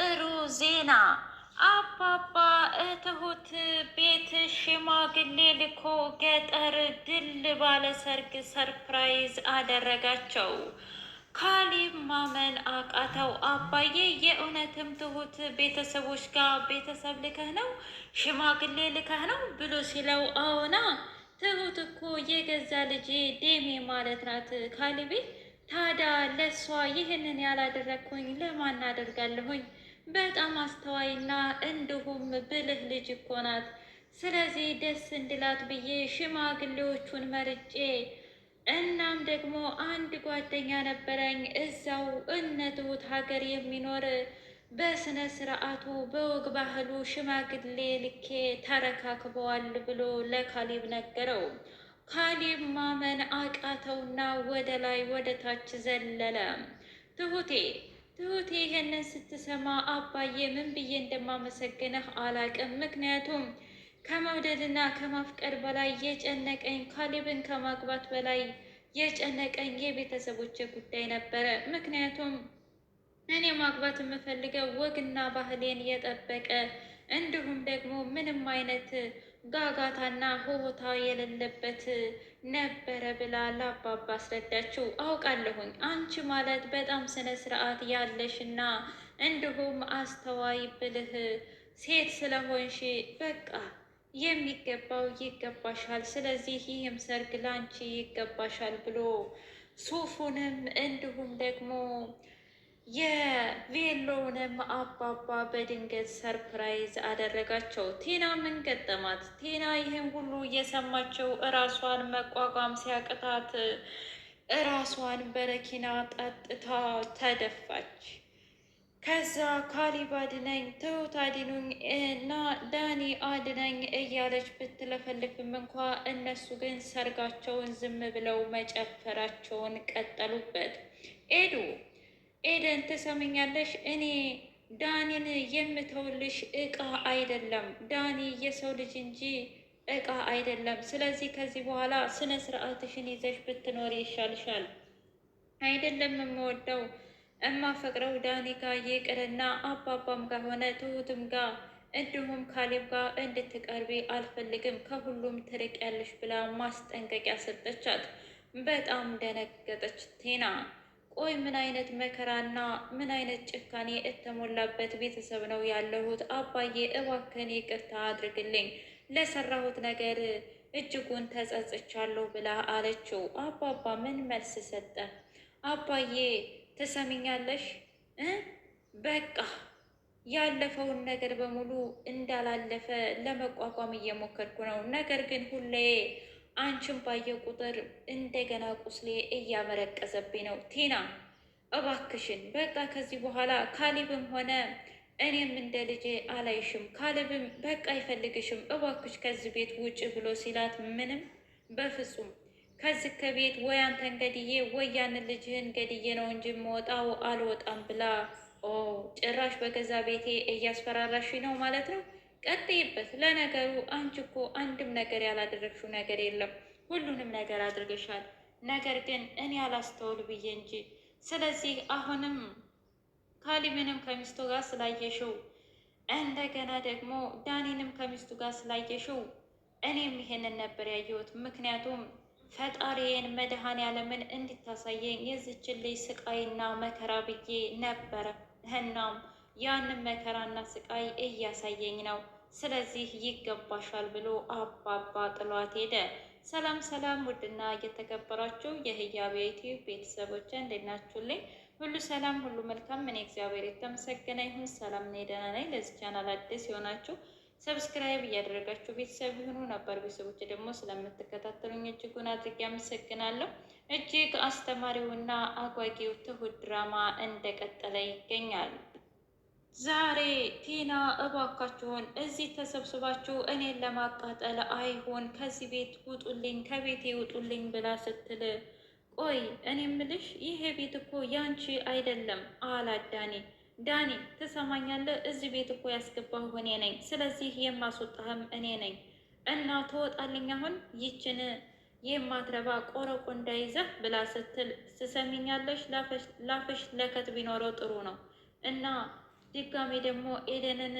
ጥሩ ዜና አባባ እትሁት ቤት ሽማግሌ ልኮ ገጠር ድል ባለ ሰርግ ሰርፕራይዝ አደረጋቸው። ካሌብ ማመን አቃተው። አባዬ የእውነትም ትሁት ቤተሰቦች ጋር ቤተሰብ ልከህ ነው ሽማግሌ ልከህ ነው ብሎ ሲለው አዎና ትሁት እኮ የገዛ ልጄ ዴሜ ማለት ናት ካሊቤ ታዲያ ለእሷ ይህንን ያላደረግኩኝ ለማን አደርጋለሁኝ? በጣም አስተዋይና እንዲሁም ብልህ ልጅ እኮ ናት። ስለዚህ ደስ እንድላት ብዬ ሽማግሌዎቹን መርጬ እናም ደግሞ አንድ ጓደኛ ነበረኝ እዛው እነ ትሁት ሀገር የሚኖር በስነ ስርዓቱ በወግ ባህሉ ሽማግሌ ልኬ ተረካክበዋል ብሎ ለካሊብ ነገረው። ካሊብ ማመን አቃተውና ወደ ላይ ወደ ታች ዘለለ። ትሁቴ ትሁት ይሄንን ስትሰማ አባዬ ምን ብዬ እንደማመሰግነህ አላቅም። ምክንያቱም ከመውደድና ከማፍቀር በላይ የጨነቀኝ ካሌብን ከማግባት በላይ የጨነቀኝ የቤተሰቦች ጉዳይ ነበረ። ምክንያቱም እኔ ማግባት የምፈልገው ወግና ባህሌን የጠበቀ እንዲሁም ደግሞ ምንም አይነት ጋጋታና ሆታ የሌለበት ነበረ ብላ ለአባባ አስረዳችው። አውቃለሁኝ አንቺ ማለት በጣም ስነ ስርዓት ያለሽ እና እንዲሁም አስተዋይ ብልህ ሴት ስለሆንሽ በቃ የሚገባው ይገባሻል፣ ስለዚህ ይህም ሰርግ ላንቺ ይገባሻል ብሎ ሱፉንም እንዲሁም ደግሞ የቬሎንም አባባ በድንገት ሰርፕራይዝ አደረጋቸው። ቴና ምን ገጠማት? ቴና ይህን ሁሉ እየሰማቸው እራሷን መቋቋም ሲያቅታት እራሷን በረኪና ጠጥታ ተደፋች። ከዛ ካሊብ አድነኝ፣ ትሁት አድኑኝ እና ዳኒ አድነኝ እያለች ብትለፈልፍም እንኳ እነሱ ግን ሰርጋቸውን ዝም ብለው መጨፈራቸውን ቀጠሉበት። ኤዱ ኤደን ትሰምኛለሽ? እኔ ዳኒን የምተውልሽ እቃ አይደለም። ዳኒ የሰው ልጅ እንጂ እቃ አይደለም። ስለዚህ ከዚህ በኋላ ስነ ስርዓትሽን ይዘሽ ብትኖር ይሻልሻል። አይደለም የምወደው እማፈቅረው ዳኒ ጋር ይቅርና አባባም ጋር ሆነ ትሁትም ጋር እንዲሁም ካሌብ ጋር እንድትቀርቢ አልፈልግም፣ ከሁሉም ትርቅ ያለሽ ብላ ማስጠንቀቂያ ሰጠቻት። በጣም ደነገጠች ቴና ቆይ ምን አይነት መከራና ምን አይነት ጭካኔ እተሞላበት ቤተሰብ ነው ያለሁት? አባዬ እባክህን ይቅርታ አድርግልኝ፣ ለሰራሁት ነገር እጅጉን ተጸጽቻለሁ ብላ አለችው። አባባ ምን መልስ ሰጠ? አባዬ ትሰሚኛለሽ እ በቃ ያለፈውን ነገር በሙሉ እንዳላለፈ ለመቋቋም እየሞከርኩ ነው። ነገር ግን ሁሌ አንቺን ባየ ቁጥር እንደገና ቁስሌ እያመረቀዘብኝ ነው። ቲና እባክሽን በቃ ከዚህ በኋላ ካሊብም ሆነ እኔም እንደ ልጄ አላይሽም፣ ካሊብም በቃ አይፈልግሽም፣ እባክሽ ከዚህ ቤት ውጭ ብሎ ሲላት ምንም በፍጹም ከዚህ ከቤት ወይ አንተን ገድዬ ወይ ያንን ልጅህን ገድዬ ነው እንጂ የምወጣው አልወጣም ብላ ኦ ጭራሽ በገዛ ቤቴ እያስፈራራሽ ነው ማለት ነው። ቀጥይበት። ለነገሩ አንቺ እኮ አንድም ነገር ያላደረግሽው ነገር የለም፣ ሁሉንም ነገር አድርገሻል። ነገር ግን እኔ አላስተውል ብዬ እንጂ። ስለዚህ አሁንም ካሊብንም ከሚስቱ ጋር ስላየሽው፣ እንደገና ደግሞ ዳኒንም ከሚስቱ ጋር ስላየሽው፣ እኔም ይሄንን ነበር ያየሁት። ምክንያቱም ፈጣሪዬን መድኃኔዓለምን እንድታሳየኝ የዚችን ልጅ ስቃይና መከራ ብዬ ነበረ ህናም ያንን መከራና ስቃይ እያሳየኝ ነው። ስለዚህ ይገባሻል ብሎ አባባ ጥሏት ሄደ። ሰላም ሰላም! ውድና እየተከበራችሁ የህያቤቲ ቤተሰቦች እንዴት ናችሁልኝ? ሁሉ ሰላም፣ ሁሉ መልካም። እኔ እግዚአብሔር የተመሰገነ ይሁን ሰላም ነኝ፣ ደህና ነኝ። ለዚህ ቻናል አዲስ የሆናችሁ ሰብስክራይብ እያደረጋችሁ ቤተሰብ ይሁኑ። ነበር ቤተሰቦች ደግሞ ስለምትከታተሉኝ እጅጉን አድርጌ አመሰግናለሁ። እጅግ አስተማሪውና አጓጊው ትሁት ድራማ እንደቀጠለ ይገኛል። ዛሬ ቲና እባካችሁን እዚህ ተሰብስባችሁ እኔን ለማቃጠል አይሆን፣ ከዚህ ቤት ውጡልኝ፣ ከቤቴ ውጡልኝ ብላ ስትል ቆይ እኔ ምልሽ ይሄ ቤት እኮ ያንቺ አይደለም አላት ዳኒ። ዳኒ ትሰማኛለህ? እዚህ ቤት እኮ ያስገባሁ እኔ ነኝ፣ ስለዚህ የማስወጣህም እኔ ነኝ እና ትወጣልኝ አሁን ይችን የማትረባ ቆረቆ እንዳይዘህ ብላ ስትል ትሰሚኛለሽ? ላፍሽ ለከት ቢኖረው ጥሩ ነው እና ድጋሜ ደግሞ ኤደንን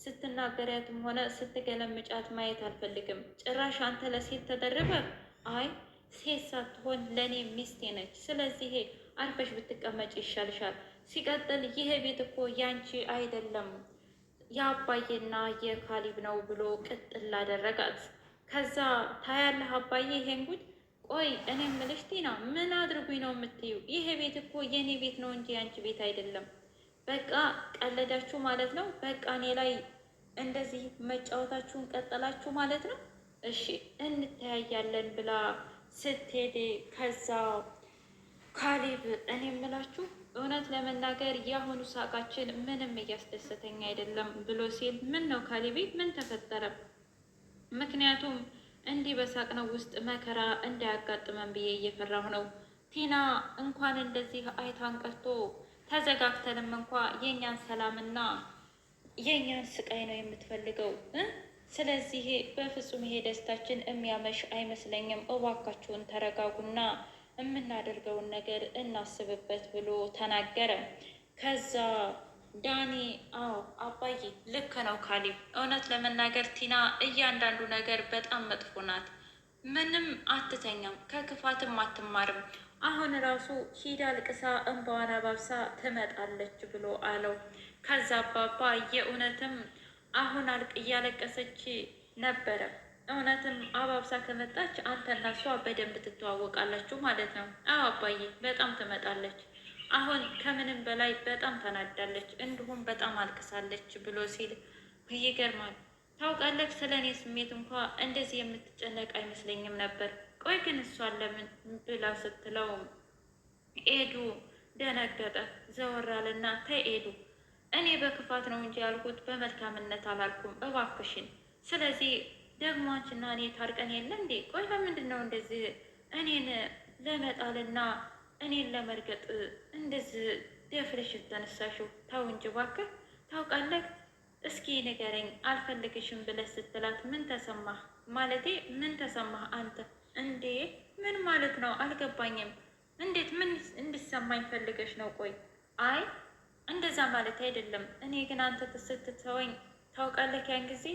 ስትናገሪያትም ሆነ ስትገለምጫት ማየት አልፈልግም። ጭራሽ አንተ ለሴት ተደርበ። አይ ሴት ሳትሆን ለእኔ ሚስቴ ነች። ስለዚህ አርፈሽ ብትቀመጭ ይሻልሻል። ሲቀጥል ይሄ ቤት እኮ ያንቺ አይደለም የአባዬና የካሊብ ነው ብሎ ቅጥል አደረጋት። ከዛ ታያለህ አባዬ ይሄን ጉድ። ቆይ እኔ የምልሽ ቲና ምን አድርጉኝ ነው የምትዩ? ይሄ ቤት እኮ የእኔ ቤት ነው እንጂ ያንቺ ቤት አይደለም። በቃ ቀለዳችሁ ማለት ነው። በቃ እኔ ላይ እንደዚህ መጫወታችሁን ቀጠላችሁ ማለት ነው። እሺ እንተያያለን ብላ ስትሄድ ከዛ ካሌብ እኔ የምላችሁ እውነት ለመናገር የአሁኑ ሳቃችን ምንም እያስደሰተኝ አይደለም ብሎ ሲል ምን ነው ካሌቤ፣ ምን ተፈጠረ? ምክንያቱም እንዲህ በሳቅ ነው ውስጥ መከራ እንዳያጋጥመን ብዬ እየፈራሁ ነው። ቲና እንኳን እንደዚህ አይታን ቀርቶ ተዘጋግተንም እንኳ የእኛን ሰላምና የእኛን ስቃይ ነው የምትፈልገው። ስለዚህ በፍጹም ይሄ ደስታችን የሚያመሽ አይመስለኝም። እባካችሁን ተረጋጉና የምናደርገውን ነገር እናስብበት ብሎ ተናገረ። ከዛ ዳኒ አዎ አባዬ ልክ ነው ካሊ እውነት ለመናገር ቲና እያንዳንዱ ነገር በጣም መጥፎ ናት። ምንም አትተኛም፣ ከክፋትም አትማርም። አሁን ራሱ ሂዳ ልቅሳ እንባዋን አባብሳ ትመጣለች ብሎ አለው። ከዛ አባባ የእውነትም አሁን አልቅ እያለቀሰች ነበረ። እውነትም አባብሳ ከመጣች አንተና እሷ በደንብ ትተዋወቃላችሁ ማለት ነው። አዎ አባዬ በጣም ትመጣለች። አሁን ከምንም በላይ በጣም ተናዳለች፣ እንዲሁም በጣም አልቅሳለች ብሎ ሲል ይገርማል። ታውቃለህ፣ ስለ እኔ ስሜት እንኳ እንደዚህ የምትጨነቅ አይመስለኝም ነበር ቆይ ግን እሷን ለምን ብላ ስትለው ኤዱ ደነገጠ። ዘወራልና ተይ ኤዱ፣ እኔ በክፋት ነው እንጂ ያልኩት በመልካምነት አላልኩም፣ እባክሽን። ስለዚህ ደግሞ አንቺና እኔ ታርቀን የለ እንዴ? ቆይ ለምንድን ነው እንደዚህ እኔን ለመጣልና እኔን ለመርገጥ እንደዚህ ደፍረሽ ተነሳሽው? ተው እንጂ እባክህ። ታውቃለህ እስኪ ንገረኝ፣ አልፈልግሽም ብለህ ስትላት ምን ተሰማህ? ማለቴ ምን ተሰማህ አንተ እንዴ ምን ማለት ነው አልገባኝም። እንዴት ምን እንድሰማኝ ፈልገሽ ነው? ቆይ አይ እንደዛ ማለት አይደለም። እኔ ግን አንተ ስትተወኝ ታውቃለህ፣ ያን ጊዜ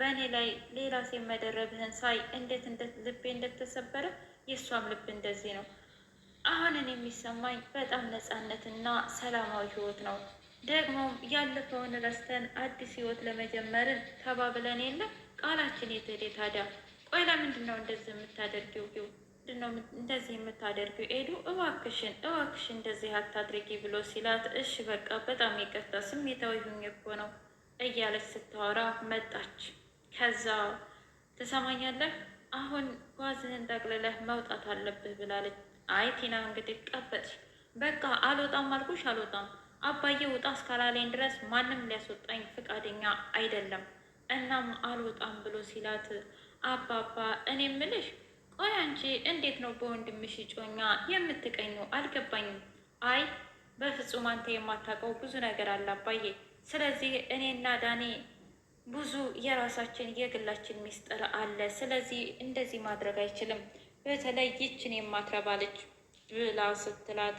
በእኔ ላይ ሌላ ሴት መደረብህን ሳይ እንዴት ልቤ እንደተሰበረ የእሷም ልብ እንደዚህ ነው። አሁን እኔ የሚሰማኝ በጣም ነፃነትና ሰላማዊ ህይወት ነው። ደግሞ ያለፈውን ረስተን አዲስ ህይወት ለመጀመርን ተባብለን የለ ቃላችን የተዴ ታዲያ ቆይ ለምንድን ነው እንደዚህ የምታደርጊው? ቢው ምንድን ነው እንደዚህ የምታደርጊው? ኤዱ እባክሽን እባክሽን እንደዚህ አታድርጊ ብሎ ሲላት፣ እሺ በቃ በጣም ይቅርታ ስሜታዊ ሁኝ እኮ ነው እያለች ስታወራ መጣች። ከዛ ትሰማኛለህ፣ አሁን ጓዝህን ጠቅልለህ መውጣት አለብህ ብላለች። አይ ቲና እንግዲህ ቀበጥ በቃ አልወጣም አልኩሽ አልወጣም አባዬ ውጣ እስካላለኝ ድረስ ማንም ሊያስወጣኝ ፈቃደኛ አይደለም። እናም አልወጣም ብሎ ሲላት አባባ እኔ ምልሽ ቆይ አንቺ እንዴት ነው በወንድምሽ ጮኛ የምትቀኙ? አልገባኝም። አይ በፍጹም አንተ የማታውቀው ብዙ ነገር አለ አባዬ። ስለዚህ እኔና ዳኔ ብዙ የራሳችን የግላችን ሚስጥር አለ። ስለዚህ እንደዚህ ማድረግ አይችልም፣ በተለይ ይችን የማትረባለች ብላ ስትላት፣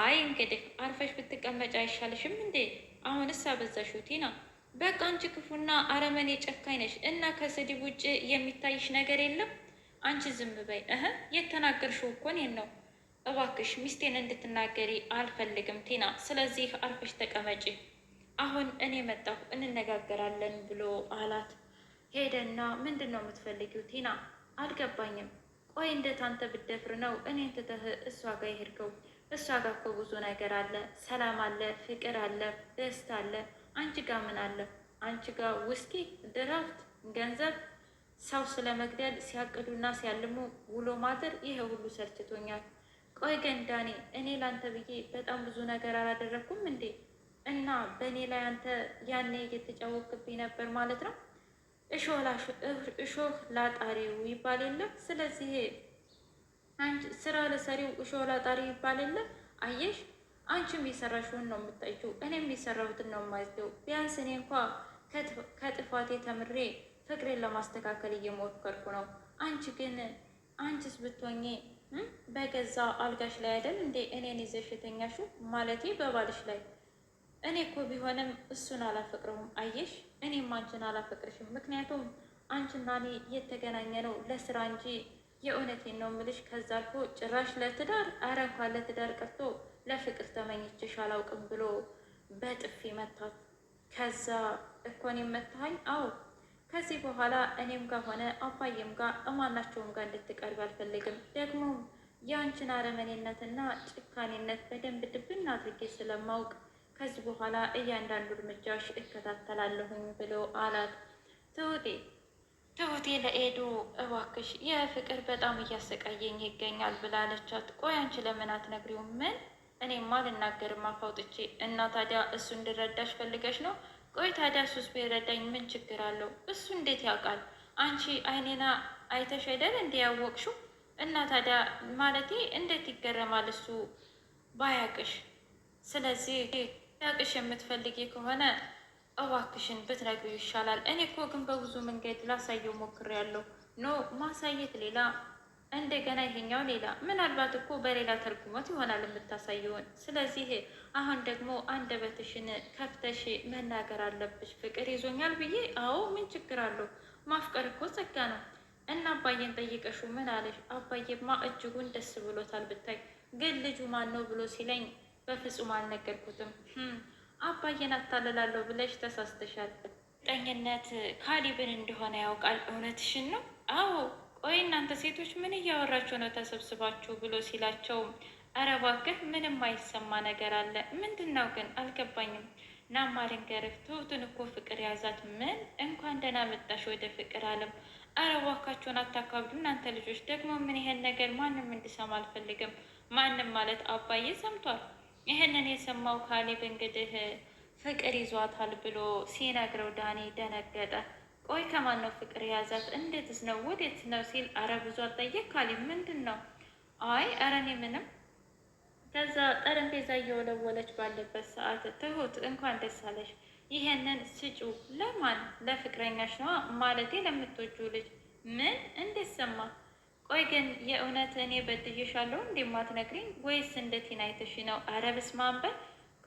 አይ እንግዲህ አርፈሽ ብትቀመጭ አይሻልሽም እንዴ? አሁንስ አበዛሽው ቲና በቃ አንቺ ክፉና አረመኔ ጨካኝ ነሽ እና ከስድብ ውጭ የሚታይሽ ነገር የለም። አንቺ ዝም በይ። እህ የተናገርሽው እኮ እኔን ነው። እባክሽ ሚስቴን እንድትናገሪ አልፈልግም ቴና ስለዚህ አርፈሽ ተቀመጪ። አሁን እኔ መጣሁ እንነጋገራለን ብሎ አላት። ሄደና ምንድን ነው የምትፈልጊው ቴና? አልገባኝም። ቆይ እንደት አንተ ብደፍር ነው እኔን ትተህ እሷ ጋር የሄድከው? እሷ ጋር እኮ ብዙ ነገር አለ። ሰላም አለ፣ ፍቅር አለ፣ ደስታ አለ አንቺ ጋ ምን አለ? አንቺ ጋ ውስኪ፣ ድራፍት፣ ገንዘብ ሰው ስለመግደል ሲያቅዱና ሲያልሙ ውሎ ማደር ይሄ ሁሉ ሰልችቶኛል። ቆይ ግን ዳኒ፣ እኔ ላንተ ብዬ በጣም ብዙ ነገር አላደረግኩም እንዴ? እና በእኔ ላይ አንተ ያኔ እየተጫወቅብኝ ነበር ማለት ነው። እሾህ ላጣሪው ይባል የለ? ስለዚህ ስራ ለሰሪው እሾህ ላጣሪው ይባል የለ? አየሽ አንቺም የሰራሽውን ነው የምታይችው፣ እኔም የሰራሁትን ነው የማዝው። ቢያንስ እኔ እንኳ ከጥፋቴ ተምሬ ፍቅሬን ለማስተካከል እየሞከርኩ ነው። አንቺ ግን አንቺስ ብትሆኚ በገዛ አልጋሽ ላይ አይደል እንዴ እኔን ይዘሽ የተኛሽው? ማለቴ በባልሽ ላይ። እኔ እኮ ቢሆንም እሱን አላፈቅረሁም አየሽ፣ እኔም አንቺን አላፈቅርሽም። ምክንያቱም አንቺና እኔ የተገናኘ ነው ለስራ እንጂ የእውነቴን ነው ምልሽ። ከዛ አልፎ ጭራሽ ለትዳር አረ እንኳን ለትዳር ቀርቶ ለፍቅር ተመኝችሽ አላውቅም ብሎ በጥፊ መታት። ከዛ እኮ እኔም መታኸኝ? አዎ ከዚህ በኋላ እኔም ጋር ሆነ አባዬም ጋር እማናቸውም ጋር እንድትቀርብ አልፈልግም። ደግሞ የአንችን አረመኔነትና ጭካኔነት በደንብ ድብና አድርጌ ስለማውቅ ከዚህ በኋላ እያንዳንዱ እርምጃሽ እከታተላለሁኝ ብሎ አላት። ትሁቴ ትሁቴ ለኤዱ እባክሽ የፍቅር በጣም እያሰቃየኝ ይገኛል ብላለቻት። ቆይ አንቺ ለምን አትነግሪውም? ምን እኔማ ልናገርም አፍ አውጥቼ እና ታዲያ እሱ እንድረዳሽ ፈልገሽ ነው? ቆይ ታዲያ እሱስ ቢረዳኝ ምን ችግር አለው? እሱ እንዴት ያውቃል? አንቺ አይኔና አይተሽ አይደል እንዲ ያወቅሽው? እና ታዲያ ማለቴ እንዴት ይገረማል እሱ ባያቅሽ? ስለዚህ ያቅሽ የምትፈልጊ ከሆነ እባክሽን ብትነግሪው ይሻላል። እኔ እኮ ግን በብዙ መንገድ ላሳየው ሞክሬያለሁ። ኖ ማሳየት ሌላ እንደገና ይሄኛው ሌላ ምናልባት እኮ በሌላ ተርጉሞት ይሆናል የምታሳየውን። ስለዚህ አሁን ደግሞ አንደበትሽን ከፍተሽ መናገር አለብሽ። ፍቅር ይዞኛል ብዬ አዎ፣ ምን ችግር አለው? ማፍቀር እኮ ጸጋ ነው። እና አባዬን ጠይቀሹ ምን አለሽ? አባዬማ እጅጉን ደስ ብሎታል ብታይ። ግን ልጁ ማን ነው ብሎ ሲለኝ በፍጹም አልነገርኩትም። አባዬን አታለላለሁ ብለሽ ተሳስተሻል። ጠኝነት ካሊብን እንደሆነ ያውቃል። እውነትሽን ነው? አዎ ቆይ እናንተ ሴቶች ምን እያወራችሁ ነው ተሰብስባችሁ ብሎ ሲላቸው፣ ኧረ እባክህ ምንም አይሰማ ነገር አለ። ምንድን ነው ግን አልገባኝም። ናማ ልንገርህ፣ ትሁትን እኮ ፍቅር ያዛት። ምን እንኳን ደህና መጣሽ ወደ ፍቅር አለም። ኧረ እባካችሁን አታካብዱ እናንተ ልጆች። ደግሞ ምን ይሄን ነገር ማንም እንድሰማ አልፈልግም። ማንም ማለት አባዬ ሰምቷል። ይህንን የሰማው ካሌብ እንግዲህ ፍቅር ይዟታል ብሎ ሲነግረው ዳኔ ደነገጠ። ቆይ ከማን ነው ፍቅር የያዛት? እንዴትስ ነው? ወዴት ነው ሲል አረ ብዙ አልጠየቅ ካሊ ምንድን ነው? አይ አረ እኔ ምንም። ከዛ ጠረጴዛ እየወለወለች ባለበት ሰዓት ትሁት እንኳን ደስ አለሽ፣ ይሄንን ስጩ። ለማን? ለፍቅረኛሽ ነዋ፣ ማለቴ ለምትወጁ ልጅ። ምን እንዴት ሰማ? ቆይ ግን የእውነት እኔ በድዬሻለሁ እንዴ ማትነግሪኝ? ወይስ እንደ ቲና አይተሽ ነው? አረ በስመ አብ በል።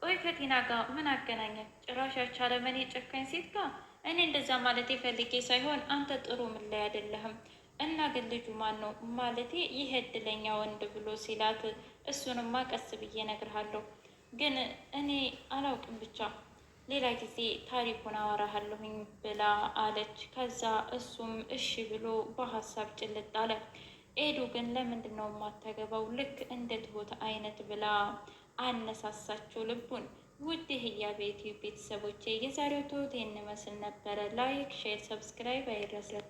ቆይ ከቲና ጋር ምን አገናኘ? ጭራሽ ያቻለመኔ ጨካኝ ሴት ጋር እኔ እንደዛ ማለት ፈልጌ ሳይሆን አንተ ጥሩ ምን ላይ አይደለህም። እና ግን ልጁ ማን ነው ማለቴ ይህ እድለኛ ወንድ ብሎ ሲላት፣ እሱንማ ቀስ ብዬ ነግርሃለሁ ግን እኔ አላውቅም ብቻ ሌላ ጊዜ ታሪኩን አወራሃለሁኝ ብላ አለች። ከዛ እሱም እሺ ብሎ በሀሳብ ጭልጥ አለ። ኤዱ ግን ለምንድን ነው የማታገባው ልክ እንደ ትሁት አይነት ብላ አነሳሳቸው ልቡን ውድ ህያ ቤት ቤተሰቦቼ የዛሬው ትሁት ይህን መስል ነበረ። ላይክ፣ ሼር፣ ሰብስክራይብ አይረስለም።